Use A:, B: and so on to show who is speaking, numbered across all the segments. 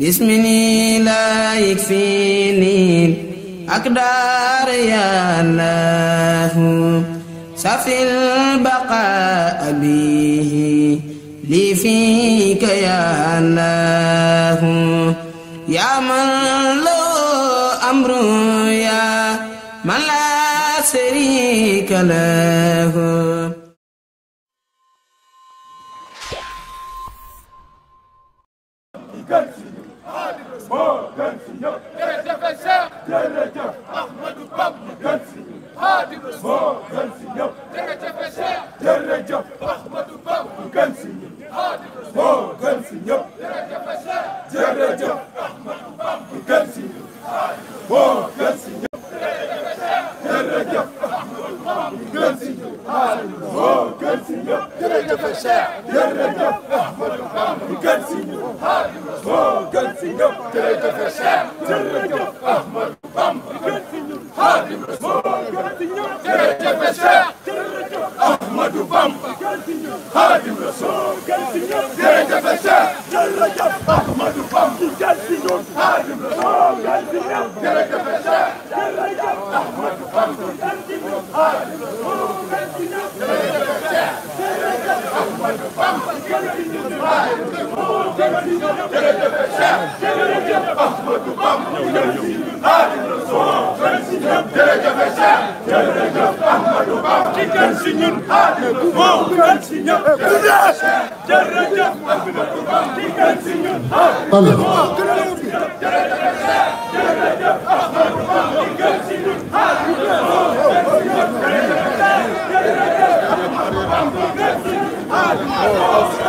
A: bismini la yakfini akdar ya allah safil baqa bihi li fika ya allah ya man lo amru ya
B: man la sharika lahu
C: jërëjëf Ahmadou Bamba gën si Xaadimu Rasuul moo gën si jërëjëf Ahmadou Ba ki gën si ñun moo gën si ñëpp jërëjëf Ahmadou Ba ki gën si ñun moo gën si ñëpp jërëjëf Ahmadou Ba ki gën si ñun moo gën si ñëpp jërëjëf Ahmadou Ba ki gën si ñun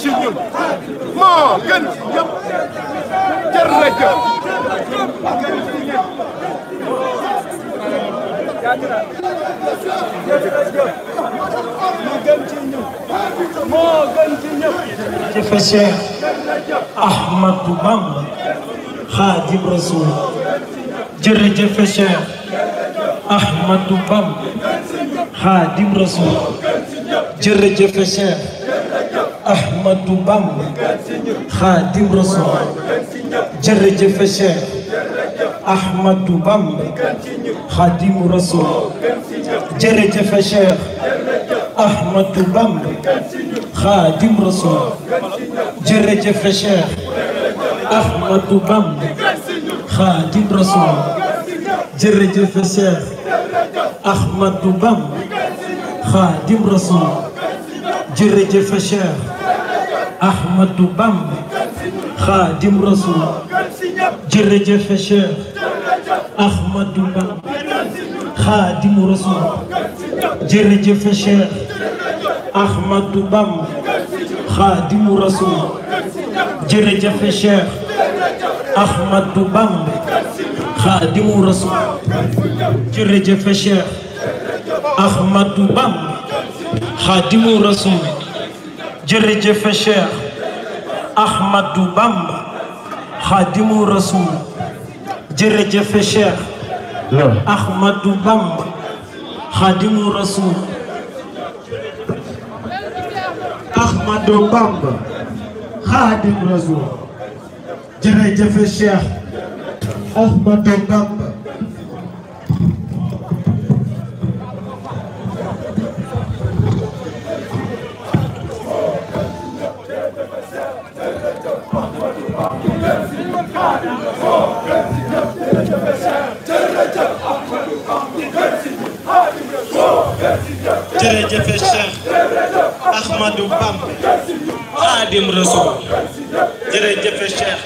C: ci ñun moo gën ñëpp jërëjëf
B: jëfe Cheikh Ahmadou Bamba Khadim Rasoul jërëjëf Cheikh Ahmadou Bamba Khadim Rasoul jërëjëf Cheikh Ahmadou Bamba Xaadim Rasul jërëjëf Cheikh Ahmadou Bamba Xaadim Rasul jërëjëf Cheikh Ahmadou Bamba Xaadim Rasul jërëjëf Cheikh Ahmadou Bamba Xaadim Rasul jërëjëf
C: Cheikh
B: Ahmadou Bamba Xaadim Rasul jërëjëf Cheikh Ahmadou Bamba Khadim Rasoul jërëjëf Cheikh Ahmadou Bamba Khadim jërëjëf Cheikh Ahmadou Bamba Khadimu Rasul jërëjëf Cheikh Ahmadou Bamba Khadimu Rasul Ahmadou Bamba Xaadim Rasuul jërëjëf Cheikh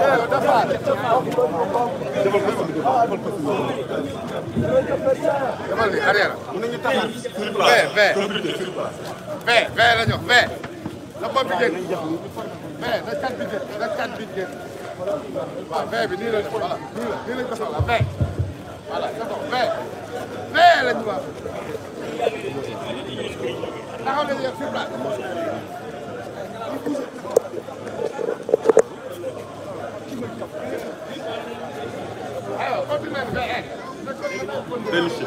C: defal ni arrière ve ve la ñu ve la bopp bi génn ve na cat bi génn na cat bi génn waaw ve bi nii la voilà nii lañ ko soxla ve voilà ve ve lañ wax taxaw leen yéen sur place religieux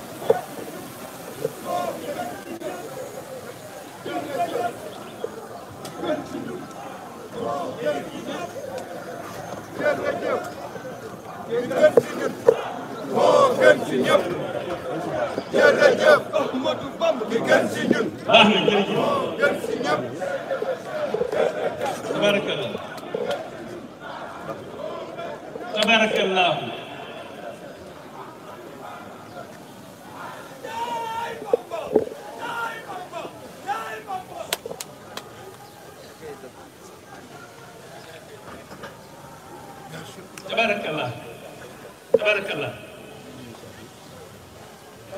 A: tabarakallah tabarakallah tabarakallah tabarakallah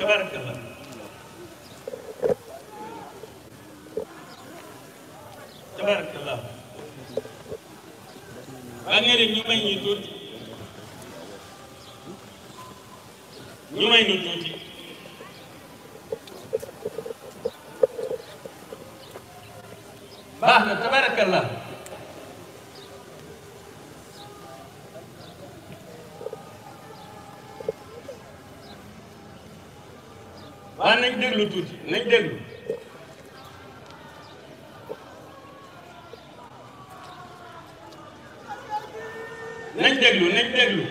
A: tabarakallah tabarakallah ba nga
B: ne ñu may ñu tuuti ñu may
A: na tabarakallah waaw nañ déglu tuuti nañ déglu nañ déglu nañ déglu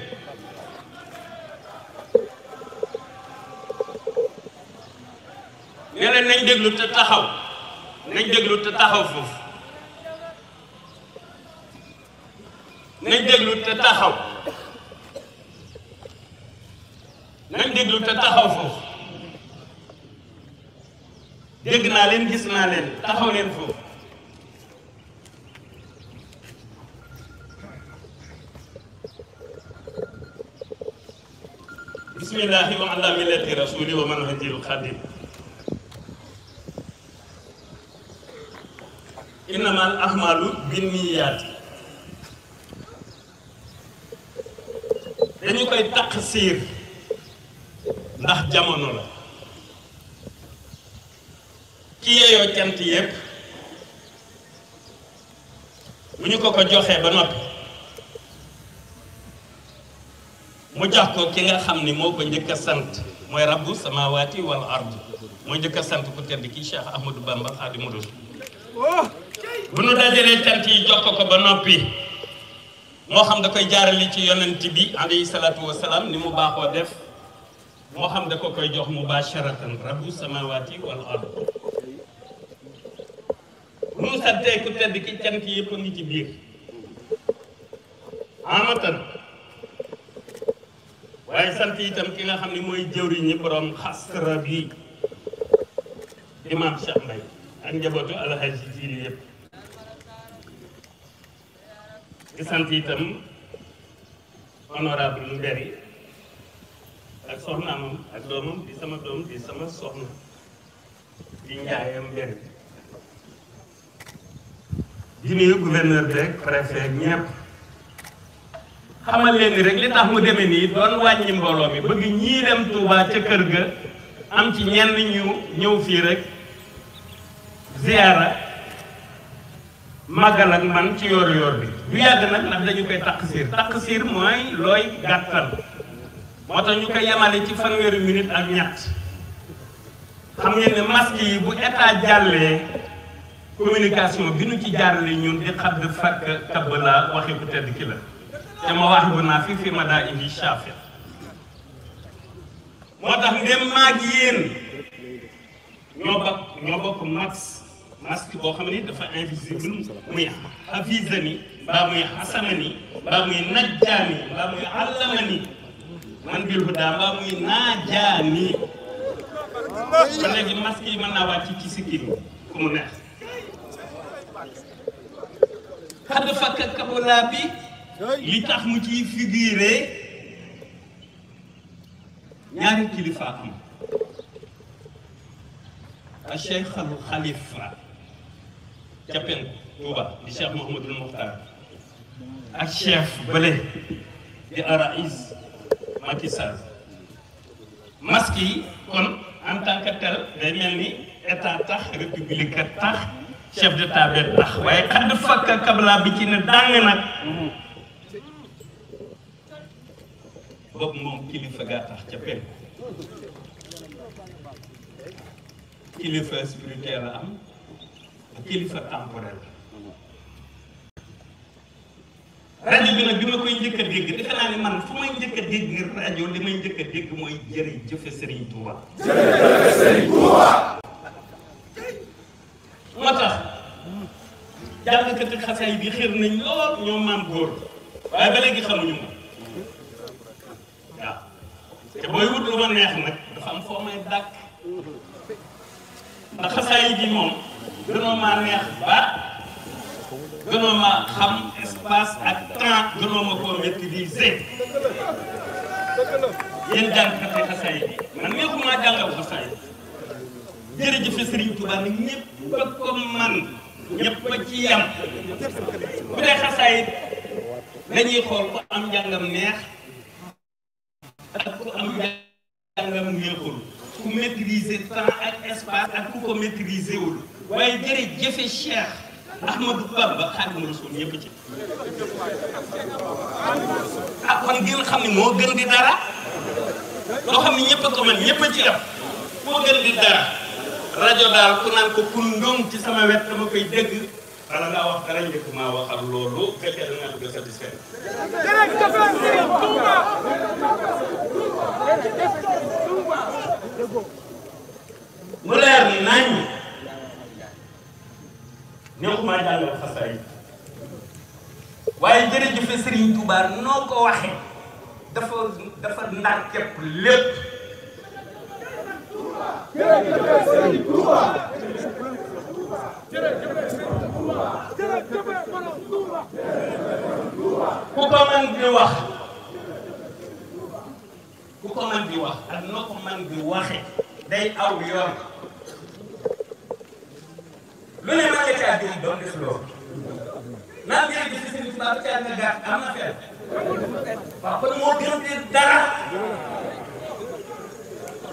A: ne leen déglu te taxaw nañ déglu te taxaw foofu taxaw leen foofu bismillahi wa ala millati rasuli wa manhajil xadim innama al ahmalu binniyaati dañu koy taqsiir ndax jamono la ki yeeyoo cant yépp bu ñu ko ko joxee ba noppi mu jox ko ki nga xam ni moo ko njëkk sant mooy rabbu samawaati wal ard moo njëkk sant ku tedd kii Cheikh Ahmadou Bamba Xaadimu Rasuul
C: oh. bu nu dajalee cant
A: yi jox ko ko ba noppi moo xam da koy jaarale ci yonent bi alayhi salaatu wasalaam ni mu baaxoo def moo xam da ko koy jox mubasharatan rabbu samawaati wal ard bu ñu santee ku tedd ki cant yëpp a ngi ci biir amatan waaye sant itam ki nga xam ne mooy jëwriñu borom xasra bi imaam Cheikh Mbaye ak njabootu alhaji jiiri yëpp di sant itam honorable Mbéri ak soxnaamam ak doomam di sama doom di sama soxna di njaayam Mbéri di nuyu gouverneur beeg préfet ñëpp xamal leen ni rek li tax mu demee nii doon wàññi mbooloo mi bëgg ñii dem Touba ca kër ga am ci ñenn ñu ñëw fii rek ziyaara màggal ak man ci yoor yoor bi lu yàgg nag ndax dañu koy takk siir takk siir mooy looy gàttal moo tax ñu koy yemale ci fanweeri minute ak ñett xam ngeen ne masque yi bu état jàllee communication bi nu ci jaarale ñun di xam ne fàkk kàbb laa waxi bu tedd ki la te ma wax bu naa fi fi ma daa indi saafi moo tax ndem maag yéen ñoo bokk ñoo bokk max masque boo xam ne dafa invisible muy xafisani mbaa muy xasamani mbaa muy najjaani mbaa muy allamani man bil hudaa mbaa muy naajaani ba léegi masque yi mën naa wàcc ci ku mu neex xadd fakk kabola bi li tax mu ciy figuré ñaari kilifa am a cheikh al xalifa capen Touba di cheikh Mouhamadul Mokhtar ak chef bële di arais Macky Sall kon en tel day mel ni état tax république tax chef d'état be tax waaye xadd fakka kabla bi ci ne dàng nag boobu moom kilifa gaa tax ca penku kilifa spirituel am kilifa temporel rajo bi nag bi ma koy njëkk dégg defe naa ni man fu may njëkk dégg rajo li may njëkk dégg mooy jërëjëf Serigne Touba jërëjëf moo tax jàngkati xasaay bi xër nañ lool ñoom maam góor waaye ba léegi xamuñu moom waaw te booy wut lu ma neex nag dafa am foo may dàkk ndax moom gënoo maa neex baat gënoo xam espace ak temps gënoo ma koo maîtriser yéen jàngkati xasaay bi man neexu maa jàngal xasaay jërëjëf Serigne Touba nag ñëpp a ko man ñëpp a ci yam bu dee xasaayit dañuy xool ku am njàngam neex ak ku am njàngam neexul ku maîtriser temps ak espace ak ku ko maîtriser wul waaye jërëjëfe Cheikh Ahmadou Bamba Xaadimu Rasuul ñëpp ci
C: ah kon ngeen xam ne moo gën di dara
A: loo xam ne ñëpp a ko man ñëpp a ci yam moo gën di dara rajo daal ku naan ko kundong ci sama wet dama koy dégg bala ngaa wax dara njëkk maa waxal loolu fekkee da dugg sa bis fenn mu leer nañ neexumaa jàngal xasaay waaye jërëjëf Serigne Touba noo ko waxee dafa dafa ndar
B: képp lépp jërëjëf ku
A: ko man wax ku ko man di wax ak noo ko waxe day aw yoon lu ne ma nga caa jëm doon def loolu naa ngi gis Serigne Touba ba caa nga gàtt am na fenn dara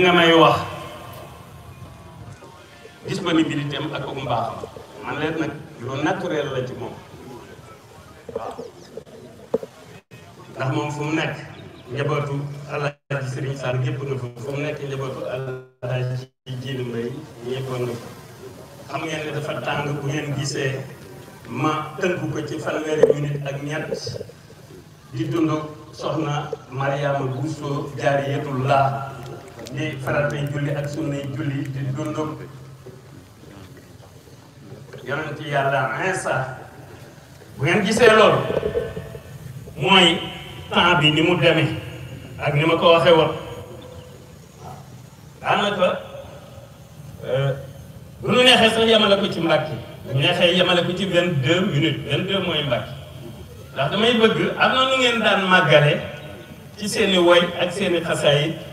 A: li nga may wax disponibilité ak ak mbaaxam man leen nag lu naturel la ci moom ndax moom fu mu nekk njabootu alaaji Sëriñ Sall yëpp nga fu mu nekk njabootu alaaji Jiili Mbay ñëppoon na fa xam ngeen dafa tàng bu ngeen gisee ma tënku ko ci fanweeri minute ak ñett di dund soxna Mariama Bousso Jaariyatullah li faratay julli ak sunnay julli di dundum yonent yàlla Iisaa bu ngeen gisee loolu mooy temps bi ni mu demee ak ni ma ko waxee woon daanaka euh, bu nu neexee sax yemale ko ci mbàkki neexee yemale ko ci vingt deux minutes vingt deux mooy mbàkki ndax damay bëgg am na nu ngeen daan màggale ci seeni woy ak seeni xasaayit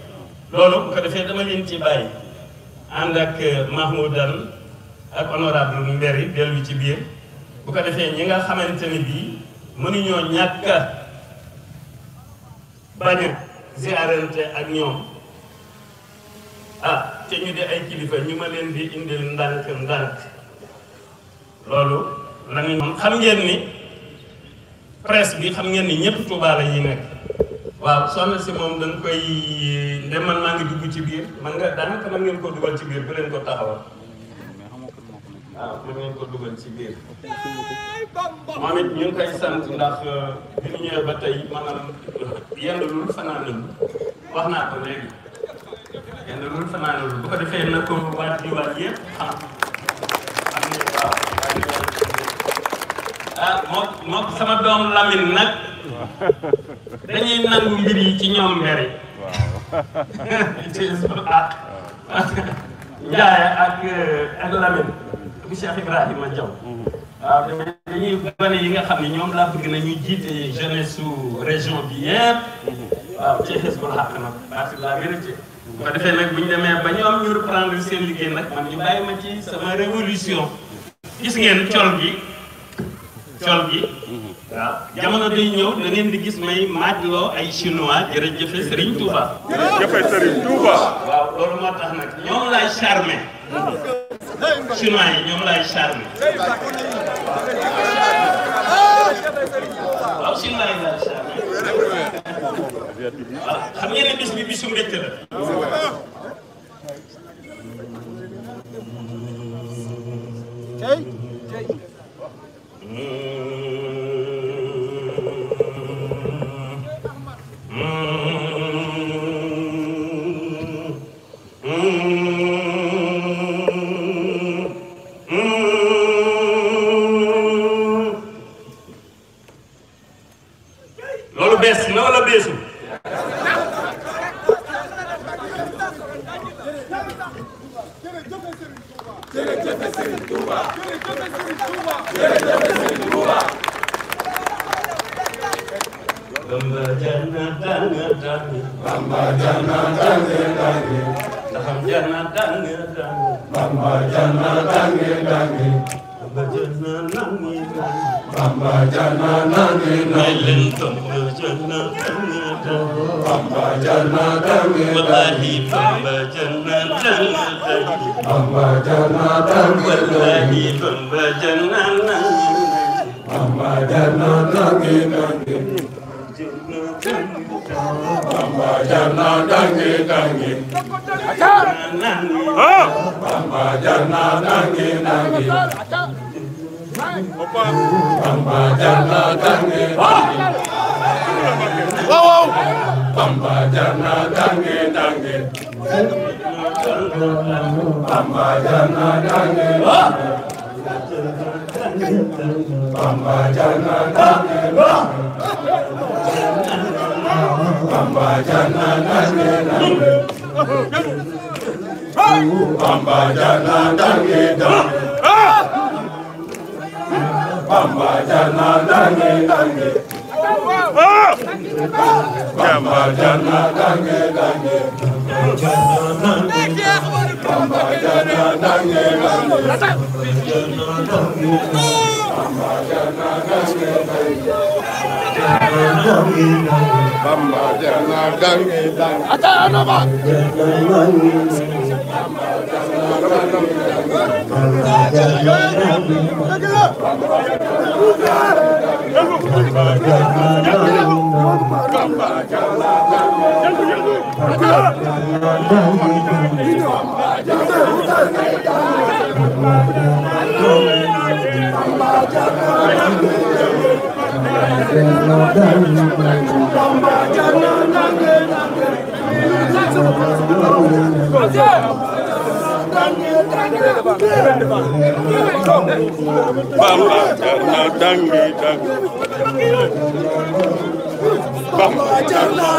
A: loolu bu ko defee dama leen ci bàyyi ànd ak euh, Mahmoudane ak lu Mbéri dellu ci biir bu ko defee ñi nga xamante ni bii mënuñoo ñàkk a bañ a ak ñoom ah te ñu di ay kilifa ñu ma leen di indil ndànk ndànk loolu la ñu xam ngeen ni presse bi xam ngeen ni ñëpp Tuubaa la ñuy waaw soxna si moom da nga koy ndem man maa ci biir man nga daanaka man ngeen ko dugal ci biir bu leen ko taxawal waaw ngeen ko dugal ci biir moom it ñu ngi koy ndax euh, bi ñu ñëwee ba tey maanaam yenn lul fanaanal wax naa ko léegi yenn lul fanaanal bu
B: ko defee na ko waat di waat
A: yëpp ah moom moom sama doom Lamine nag dañuy nangu mbir ci ñoom
B: mer yi ci
A: ak Njaay euh, ak ak Lamine bu Cheikh Ibrahima Diaw waaw dañuy yi nga xam ne ñoom laa bëgg na ñu jiite jeunesse su région bi yëpp waaw ci Hizbul Haq nag parti de la vérité bu ko defee nag bu demee ba ñoom ñu reprendre seen liggéey nag man ñu bàyyi ma ci sama révolution gis ngeen col gi waaw jamono day ñëw da di gis may maajloo ay chinois jërëjëf Serigne Touba. jërëjëf Serigne Touba. waaw loolu moo tax nag ñoom laay charmé. chinois yi ñoom laay charmé. waaw chinois yi laay charmé. waaw xam ngeen ne bis bi bisu mbégte la.
C: tey tey.
B: Bamba jar na tàng tàng. Bamba jar na tàng tàng. Ndaxam jar na tàng tàng.
C: Bamba jannatan wallahi Bamba jannatan Bamba jannatan wallahi Bamba jannatan Bamba jannatan Bamba jannatan ngi Bamba jannatan ngi ngi Bamba jannatan ngi ngi Bamba jar na dange dange. Bamba jar na dange dange. Bamba jar na dange dange. Bamba jar na dange dange. Bamba jar na dange dange. Bamba jar na dange dange. Bamba jana dange dange Bamba jana dange dange Bamba jana dange dange Ata anaba Bamba jana dange dange Bamba, dangi, dangi. Jarna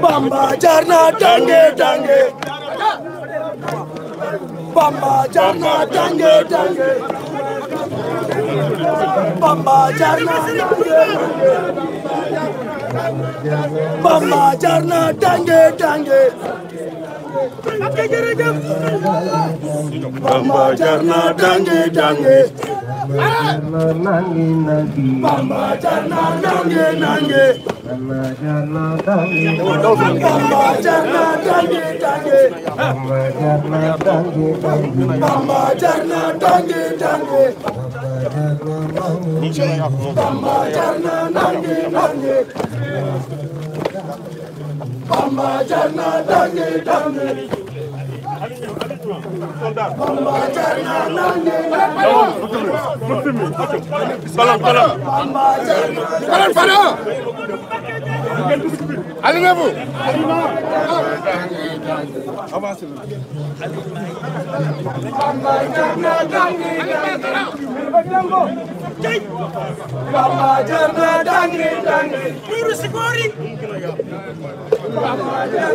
C: Bamba Jarna Nange Nange ak jërëjëf Bamba jar na dangi dangi
B: Bamba jar na nangi nangi Bamba jar na dangi dangi Bamba jar na dangi dangi Bamba jar na dangi dangi
C: Bamba jar na nangi nangi Bamba jar na dange dange. Bamba jar na dange dange.
B: Balam balam. Bamba jar na dange. Balam balam.
C: Allez Nabou. Avancez. Bamba jar na dange dange. tey Bamba jar na dangi dangi nuuru si góor yi Bamba jar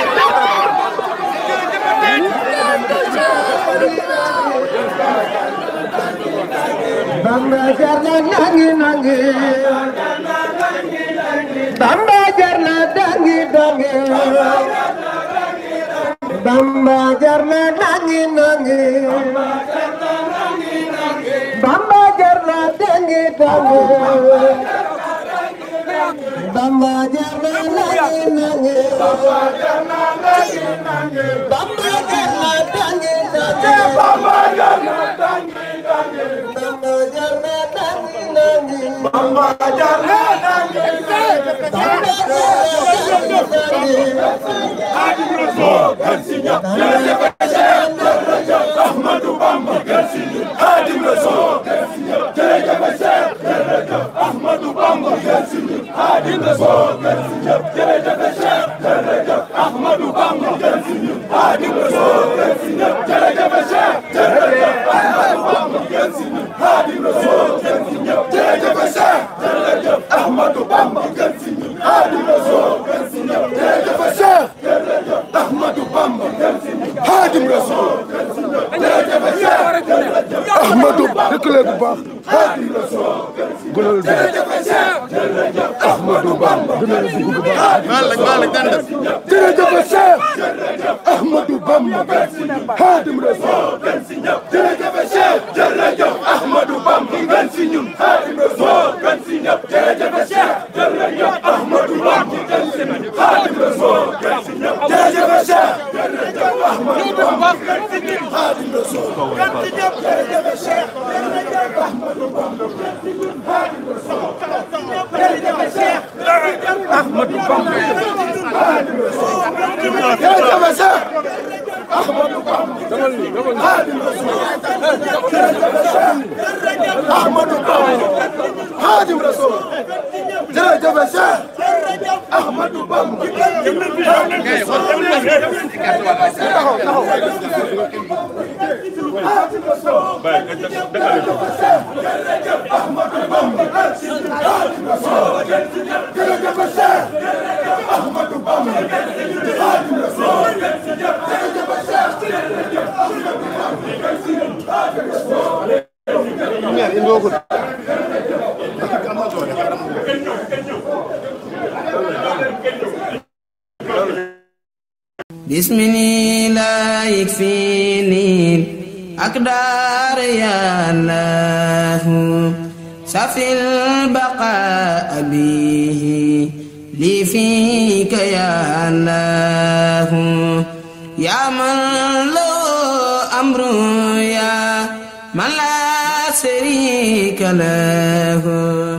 B: Bamba jar na nangi nangi Bamba jar na dangi dangi Bamba jar na nangi nangi Bamba jar na dangi dangi Bamba jar na nangi
C: nangi Bamba jar na dangi nangi Thank you. Xaadimu a gënal jërëjëf a Bamba gënal u bu baax balak balak danda
B: jërëjëf Cheikh
C: Ahmadou Bamba Xaadimu Rasuul a si ñëpp jërëjëf Cheikh jërëjëf Ahmadou Bamba gën si ñun Xaadimu Rasuul gën si ñëpp jërëjëf Cheikh jërëjëf Ahmadou Bamba gën si ñun Xaadimu Rasuul gën si ñëpp jërëjëf si Ahmadou Bamba Xaadimu Rasuul jërëjëf Cheikh Ahmadou Bamba
A: بسم الله لا يكفيني ak daara yàllaahu safil baqaa abihi lii fiika yàllaahu yaa man loo
C: amru yaa man laa sariika lahu